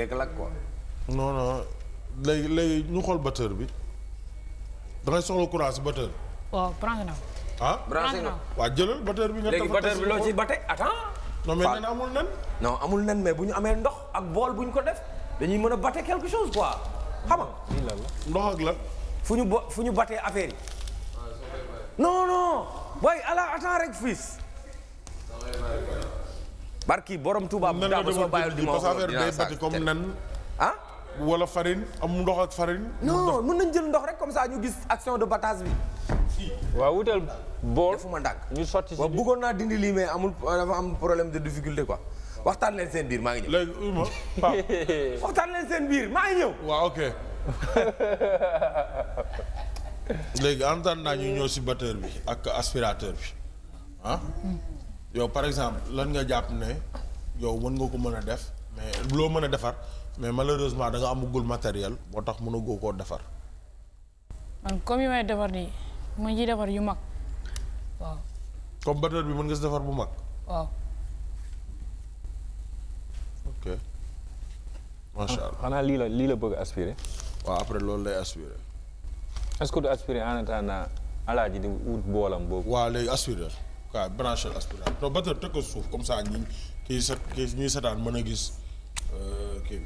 déclaque quoi. non non léegi léegi ñu xool batteur bi da ngay soxla courage si batteur. waaw branché na. ah branché na waaw jëlal batteur bi nga. léegi batteur bi loo ci bate attends. non mais nen amul nen. non amul nen mais bu ñu amee ndox ak bool bu ñu ko def dañuy mën a bate quelque chose quoi xam nga. ndox ak lan. fu ñu bo fu ñu batee affaire yi. Ah, non non. booy ala rek fils barki borom Touba bu daaw soo bàyyil di ma wax loolu comme nen ah. wala farine am ndox ak farine. non mën nañ jël ndox rek comme ça ñu gis action de battage bi. waaw wutal bool fu ma ndànk ñu sotti si waaw naa dindi lii mais amul dafa am problème de difficulté ko waxtaan leen seen biir maa ngi ñëw. léegi uma waxtaan leen seen biir maa ngi ñëw. waaw ok. léegi en attendant ñu ñëw si batteur bi ak aspirateur bi ah? yow par exemple lan nga jàpp ne yow mën nga ko mën a def mais loo mën a defar mais malheureusement da nga amagul matériel boo tax mun a goo koo defar. man comme yi may defar nii ma ciy defar yu mag waaw. comme batteur bi mën nga si defar bu mag. waaw. ok macha allah xanaa lii la lii la bëgg aspirer. waaw après loolu lay aspirer. est-ce que du en attendant alaaji di wut boolam boobu. waaw léegi aspirer. waaw branché aspirateur non ba tey teg ko suuf comme ça ñi kii sa kii ñuy setaan mën a gis euh, kii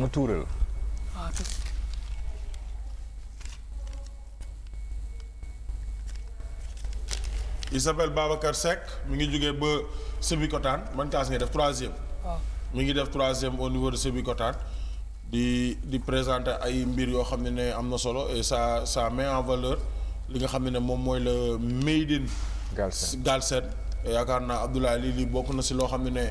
mu tuure la. Ah, waaw il s'appelle Babacar ngi jógee ba Sébikotane man kaas ngay def troisième. Ah. mu ngi def troisième au niveau de Sébikotane. di di présenter ay mbir yoo xam ne ne am na solo et ça ça met en valeur li nga xam ne ne moom mooy le made in Galsen yaakaar naa Abdoulaye lii lii bokk na si loo xam ne ne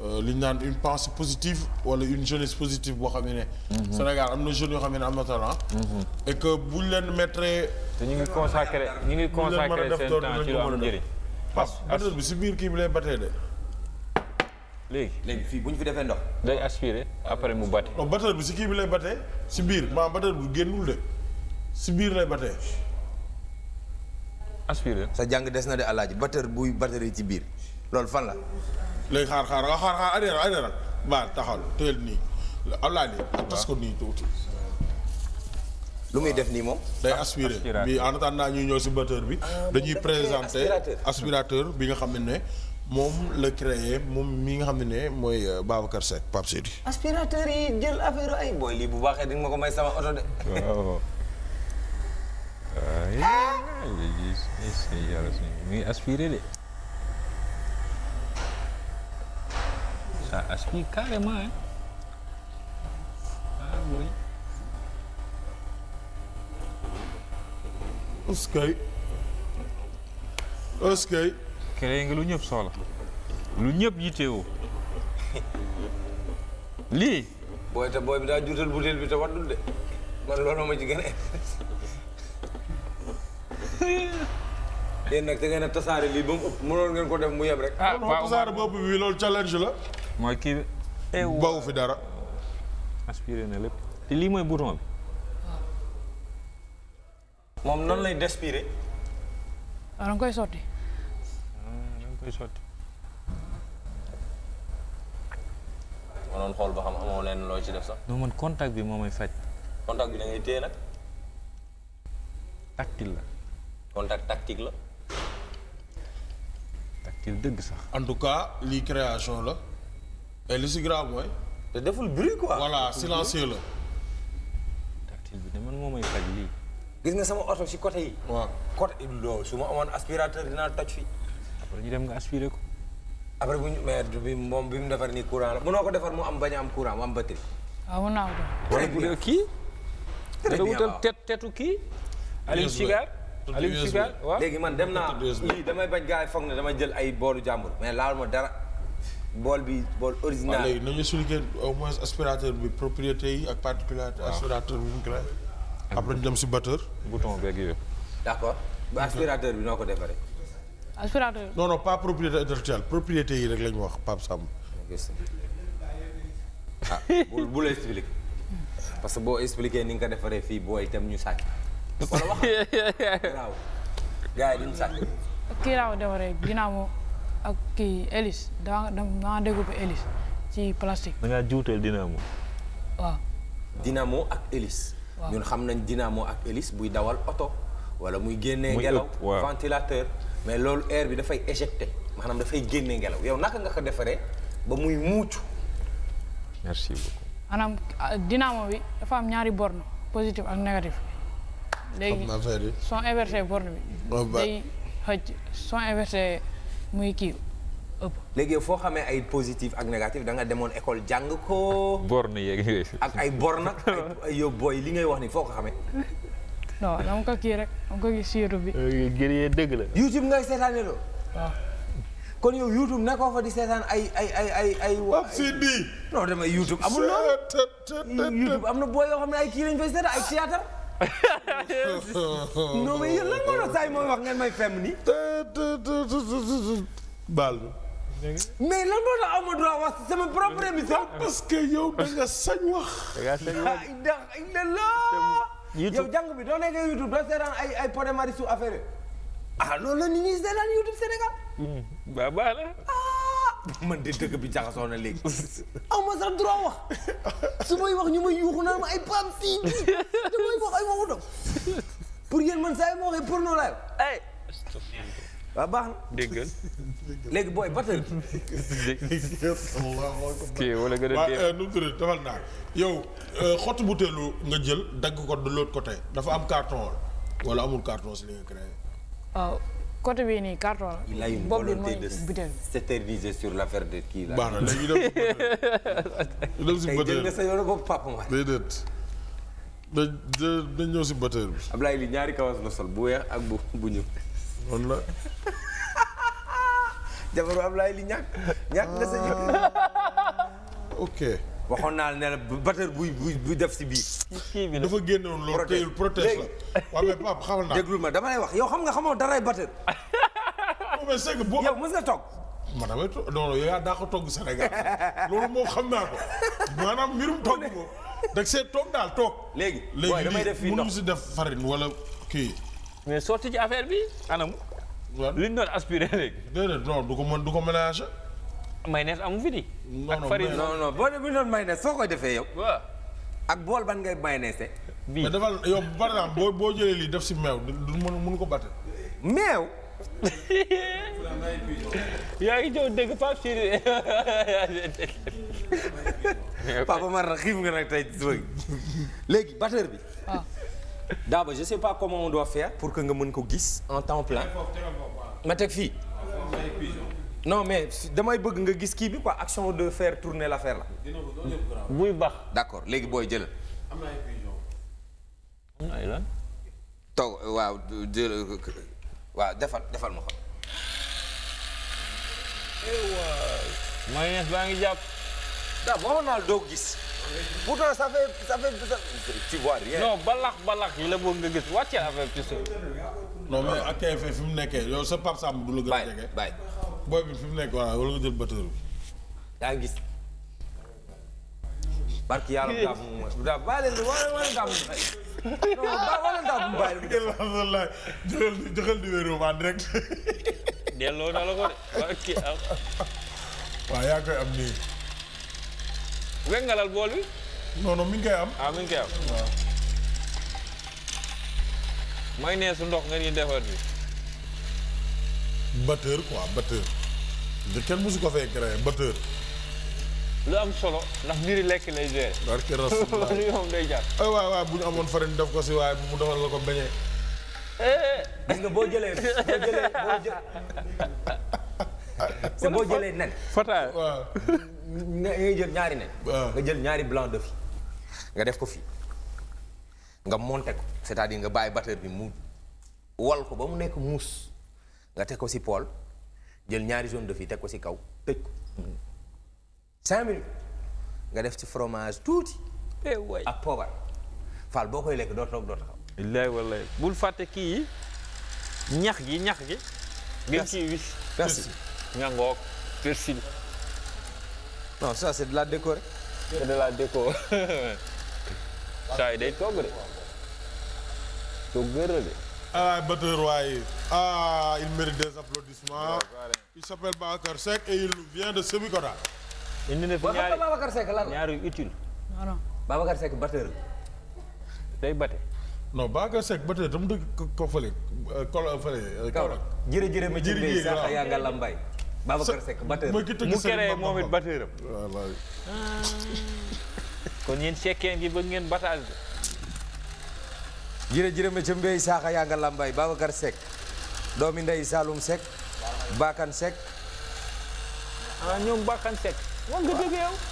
euh, li ñu naan une pensée positive wala une jeunesse positive boo xam ne ne mhm. Sénégal am na jeunes yoo xam ne am na talent mhm. et buñ leen mettre te ñu ngi consacré ñu ngi consacré seen temps ci lu am njëriñ parce que bi si biir kii bi lay batee de léegi léegi fii bu ñu fi defee ndox. day aspiré après mu batte. non batteur bi si kii bi lay battee si biir maanaam batteur bi génnul de si biir lay battee. aspiré. sa jàng des na de alaaji batteur buy batterie ci biir loolu fan la. léegi xaar xaar xaar xaar arrière arrière ba taxawal teel nii alaaji. waaw tas ko nii tuuti. lu muy def nii moom. day aspiré bi en attendant ñuy ñëw si batteur bi. Ah, dañuy présenté aspirateur bi nga xam ne. moom la créé moom mi nga xam ne ne mooy euh, Babacar Seck Pape Sidi. aspirateur yi jël affaire ay booy lii bu baaxee di nga ma ko may sama oto de. waaw muy aspiré de. aspire carrément hein. ah kere créé nga lu ñëpp soxla lu ñëpp yitteewoo lii. booy te booy bi daa juutal butéel bi te waddul de man loolu ma ci gën a. yéen nag da ngeen a tasaare lii ba mu ëpp mënoon ngeen ko def mu yem rek. ah waaw tasaare la. mooy kii. dara. aspiré na lépp te lii moom noonu lay despiré. waaw ah, da koy sotti. du sotti. xool ba xam amoo leen loo ci def sax. non man contact bi moo may faj. contact bi da ngay nag. tactile la. contact tactique la. tactile dëgg sax. en tout cas lii création la. et li si grave mooy. te deful bruit quoi. voilà silencieux la. tactile bi de man moo may faj lii. gis nga sama oto si côté yi. waaw côté loolu su ma amoon aspirateur dinaa toj fi wala ñu dem nga aspiré ko. après bu ñu mais bi moom bi mu defar nii courant la mënoo ko defar mu am bañ a am courant mu am batterie. waaw ah, mun naa ko def. wala kii. très bien waaw da tetu kii. Aliou Sigar Aliou Sigar waaw. léegi man dem naa lii damay bañ gaa yi foog ne damay jël ay boolu jàmbur mais laal ma dara. bool bi bool original. waaw nañu expliqué au moins aspirateur bi propriété yi ak particularité aspirateur bi mu créé. après ñu dem si batteur. bouton beeg yooyu. d' accord bi noo ko defaree. assurance non non pas propriété intellectuelle propriété yi rek la ñu wax Pape Samb. ah bu bu la que boo expliqué ni nga ko defaree fii booy itam ñu sàcc. wala wax waaw gars yi duñ sàcc. kii laa defaree Dinamo ak kii Elis daa daa découpé Elis ci plastique. da ngaa juutal Dinamo. waaw. ak Elis. ñun xam nañ Dinamo ak Elis buy dawal oto. wala muy génne ngelaw ventilateur. mais loolu air bi dafay éjecté maanaam dafay génne ngelaw yow naka nga ko defaree ba muy muucu. merci beaucoup. maanaam ah, dynamo bi dafa am ñaari borne positif ak négatif. léegi son inversé borne bi. Oh, day xëcc son inversé muy kii ëpp. léegi foo xamee ay positif ak négatif da nga demoon école jàng ko. borne yeeg ak ay borne ak ay yow li ngay wax ni foo ko xamee. non dama kii rek dama ko gis siiru bi. Euh, gërëyee dëgg la. YouTube ngay seetaanee loo. waaw. kon yow YouTube nekkoo fa di seetaan ay ay ay ay ay. Pape Sidi. non damay YouTube amul loolu. YouTube am na boo yoo xam ne ay kii lañ fay seetaan ay théâtre. non mais yéen lan moo doon saa yi mooy wax ngeen may fem nii. baal. mais lan moo tax aw ma droit wax sama propre émission. parce que yow da nga sañ wax. da nga sañ wax. yow jàng bi doo nekkee YouTube doo seetaan ay ay Podemarisu affaire ah a la nit ñi seetaan YouTube Sénégal. Hmm, ba baax na. Ah! man de dëkk bi jaxasoo na léegi. aw ma sax droit wax su may ñu may yuuxu naan ma ay pam fii damay wax ay waxu dof pour yéen man saa yi ma waxee porno laay. waaw baax na. dégg léegi booy batteur. kii wala gën a dee. Euh, nu mu tudd defal naa yow euh, xottu butéelu nga jël dagg ko de l'autre côté dafa am carton wala amul carton si li nga créé. waaw oh, côté bii nii carton la. il a une volonté de s'éterniser sur l'affaire de kii la. baax na léegi ñu dem si batteur bi tey nga dañ ñëw si batteur bi. Ablaye li ñaari kawas la sol bu weex ak bu bu ñëw. noonu la. jabaru Ablaye li ñàkk ñàkk nga sa jëkkër. ok. waxoon naa ne la batteur buy buy def si biir. kii bi dafa génnoon loolu teyul protège la. waaw mais Pape xamal naa. déglu ma dama wax yow xam nga xamoo daray batteur. mais c'est que yow mës nga toog. man damay toog non non yow yaa daa ko togg Sénégal loolu moom xam naa ko maanaam mbirum togg ko. da see toog daal toog. léegi booy damay def fii ndox léegi lii mënuñu si def farine wala kii. mais sorti ci affaire bi anam. li ñu doon aspiré léegi. déedéet du ko mën du ko ménagé. mayonnaise amu fi di. ak farine non non boo demee noonu mayonnaise soo koy defee yow. waaw ak bool ban ngay mayonnaise. bii mais dafa yow par boo boo jëlee lii def si meew du mën mënu ko batte. meew. yaa ngi jëw dégg Pape Siri. Papa Mar xiif nga nag tey léegi batteur bi. Ah. Daba je sais pas comment on doit faire pour que nga mën ko gis en temps plein ma teg non mais damay bëgg nga gis ki bi quoi action de faire tourner l'affaire la buy baax d'accord léegi booy jëlal ay lan toog waaw jël waaw defal defal ma xam eh mayonnaise baa ngi jàpp daa waxoon gis pourtant ça fait ça fait tu vois rien. non balax balax yi la bëgg nga gis wàccee affaire bi non mais ak KFF fi mu nekkee yow sa Pape Samb bu la gën a jege. bay booy bi fi mu nekk waaw wala nga jël batteur bi. yaa gis. barki yàlla bu daaw bu daaw bàyyi leen wala wala daaw bu bàyyi. non wala daaw bu bàyyi. ba direct. delloo na la ko de. waaw yaa koy am nii. wér nga lal bool bi. non non ngi koy am. ah mi ngi koy am. waaw. mayonnaise su ndox nga ñuy defar bi. batteur quoi batteur. de kenn mosu ko fay créé batteur. lu am solo ndax mbiri lekk lay gérer. barke eh, bu ñu amoon farine def ko la ko beñee. Eh. nga boo jëlee boo jëlee boo waaw. nga jël ñaari nen. Ah. nga jël ñaari blanc de fi nga def ko fii nga monter ko cest à nga bàyyi batteur bi mu wal ko ba mu nekk muus nga teg ko si pool jël ñaari jaune de fi teg ko si kaw tëj ko cinq minutes nga def ci fromage tuuti. Eh ak poobar Fall boo koy lekk doo toog doo taxaw. illaay wallaay bul fàtte kii yi ñax gi ñax gi. nga ciy wis. merci nga non ça c'est de la déco rek. c'est de la déco. saa yi togg de. togg de. ah batteur waaye ah il mérite des applaudissements. il s'appelle Babacar Seck et il vient de Sébikotane. indi na fi ñaari Babacar Seck non non Babacar Seck batteur dama dëkk ko fële. Euh, euh, Kaolack fële Kaolack. jërëjëf ma ci mbay sax yaa nga Babacar Seck batteur mu créé moom it batteuram kon yéen sekkeen gi ngeen battage de jërë jërëme ca mbéy saaxa yaa nga làmbaay Babacar Seck doomi ndey Saloum Seck Bakan Seck ah ñoom Bakan Seck moom nga dégg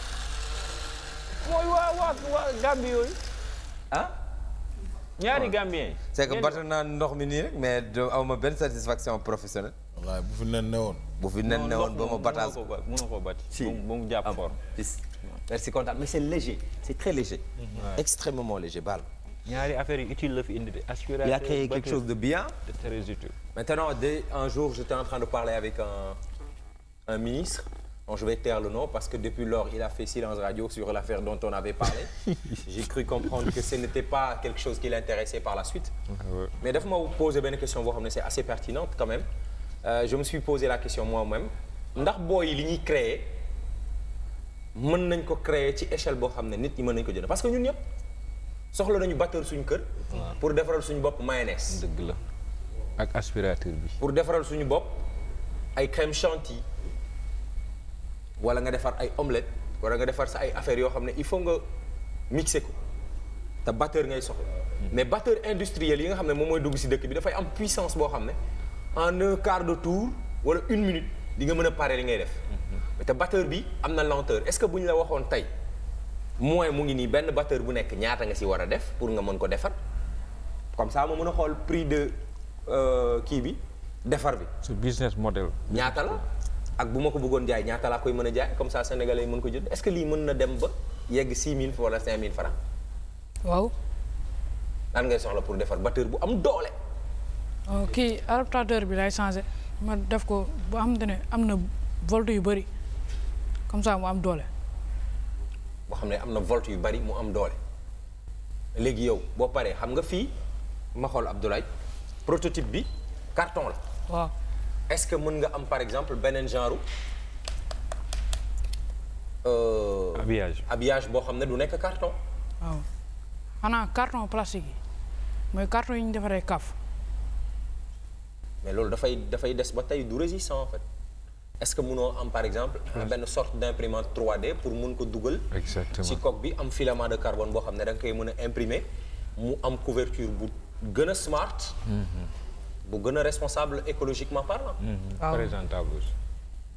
mooy waa waa waa yooyu ah? ñaari Gambien c'est que naa ndox mi nii rek mais awma benn satisfaction professionnelle wallaay bu fi leen newoon bu fi nen ne woon ba ma bataas ah mais c'est léger c'est très léger extrêmement léger baal il a créé quelque chose de bien maintenant un jour j'étais en train de parler avec un ministre bon je vais taire le nom parce que depuis lors il a fait silence radio sur l'affaire dont on avait parlé j'ai cru comprendre que ce n'était pas quelque chose qui l'intéressait par la suite mais dafa ma poser benn question boo xam ne assez pertinente quand même Euh, je me suis posé la question moi-même ndax booy yi li ñuy créer mën nañ ko créer ci échelle boo xam ne nit ñi mën nañ ko jënd parce que ñun ñëpp soxla nañu batteur suñu kër. pour defaral suñu bopp mayonnaise. dëgg la ak aspirateur bi. pour defaral suñu bopp ay crème chantilly wala nga defar ay omelette wala nga defar sa ay affaires yoo xam ne il faut nga mixer ko te batteur ngay soxla. Hmm. mais batteur industriel yi nga xam ne moom mooy dugg si dëkk bi dafay am puissance boo xam ne. en un quart de tour wala une minute di nga mën a pare li ngay def. te batteur bi am na lenteur est-ce que bu ñu la waxoon tey mooy mu ngi nii benn batteur bu nekk ñaata nga si war a def pour nga mën ko defar comme ça ma mën a xool prix de euh, kii bi defar bi. su business model. ñaata la ak bu ma ko bëggoon jaay ñaata laa koy mën a jaay comme ça sénégalais yi mën ko jënd est-ce que lii mën na dem ba yegg 6000 wala 5000 francs waaw. lan ngay soxla pour defar batteur bu am doole. Euh, kii adaptateur bi laay changé ma def ko ba xamante ne am na volt yu bëri comme ça mu am doole. boo xam ne am na volt yu bëri mu am doole léegi yow boo paree xam nga fii ma xool Abdoulaye prototype bi carton la. waaw est-ce que mën nga am par exemple beneen genre. Euh, habillage habillage boo xam ne du nekk carton. waaw xanaa carton plastique yi mooy carton yi ñu defaree kaaf. mais loolu dafay dafay des ba tey du résistant en est-ce que munoo am par exemple benn sorte d'imprimante 3D pour mun ko dugal ci coque bi am filament de carbone boo xam ne da nga koy mën a imprimer mu am couverture bu gën a smart mm-hmm. bu gën a responsable écologiquement parlant mm-hmm. ah présentable aussi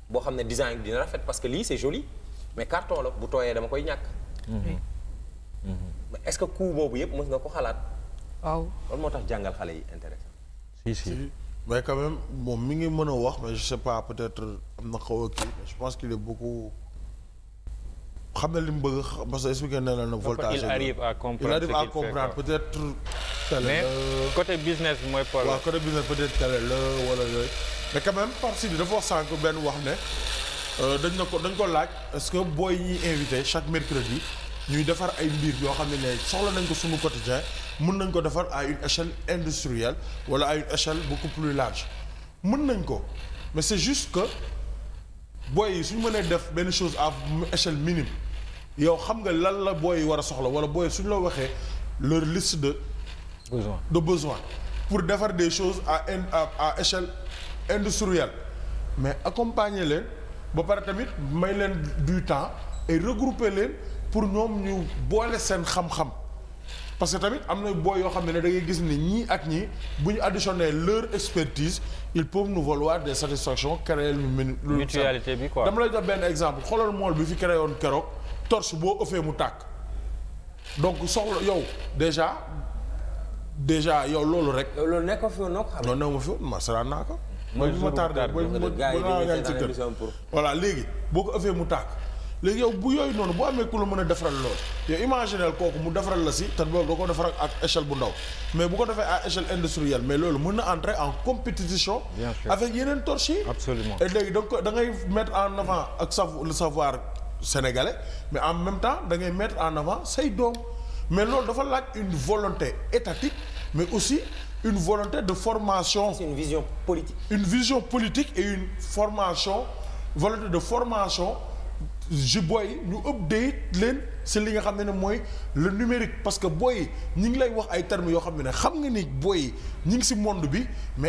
boo xam ne design dina rafet parce que lii c'est joli mais carton la bu tooyee dama koy ñàkk mm-hmm. est-ce que coût boobu yëpp mës nga ko xalaat waaw loolu moo tax jàngal xale yi intéressant mais quand même moom mi ngi mën a wax mais je sais pas peut-être am na xaw a kii je pense qu'il est beaucoup xam na li mu bëgg parce que expliqué na la na voltage. il arrive à comprendre il arrive à comprendre peut-être. télé la mais business mooy problème. waaw côté business peut-être télé la wala yooyu. mais quand partie bi dafa wax sànq benn wax ne euh, dañ na ko dañ ko laaj parce que booy ñuy invité chaque mercredi ñuy defar ay mbir yoo xam ne ne soxla nañ ko suñu quotidien mun nañ ko defar à une échelle industrielle wala à une échelle beaucoup plus large mën nañ ko mais c'est juste que booy yi suñu mënee def benn chose à échelle minime yow xam nga lan la booy war a soxla wala booy suñu la waxee leur liste de besoin de besoin pour defar des choses à à à échelle industrielle mais accompagner leen ba pare tamit may leen du temps et regrouper leen pour ñoom ñu boole seen xam-xam parce que tamit am na booy yoo xam ne da ngay gis ni ñii ak ñii bu ñu additionné leur expertise ils peuvent nous valoir des satisfactions créer lu mel ni. mutualité bi quoi dama lay jox benn exemple xoolal mool bi fi créé woon keroog torche boo ëffee mu tàkk donc soxla yow déjà déjà yow loolu rek. loolu nekkoo fi woon noo xam ne. non ma fi woon ma naa ko. mooy voilà léegi boo ko ëffee mu tàkk. léegi yow bu yooyu noonu boo amee ku la mën a defaral lool yow imaginel kooku mu defaral la si te loolu da ko defaral ak échelle bu ndaw mais bu ko defee à échelle industrielle mais loolu mën na entrer en compétition avec yeneen torche yi absolument et léegi da ko mettre en avant ak sa le savoir sénégalais mais en même temps da ngay mettre en avant say doom mais loolu dafa laaj une volonté étatique mais aussi une volonté de formation. c'est une vision politique. une vision politique et une formation volonté de formation je booy ñu update leen si li nga xam ne ne mooy le numérique parce que booy ñi ngi lay wax ay termes yoo xam ne ne xam nga ni booy ñi ngi si monde bi mais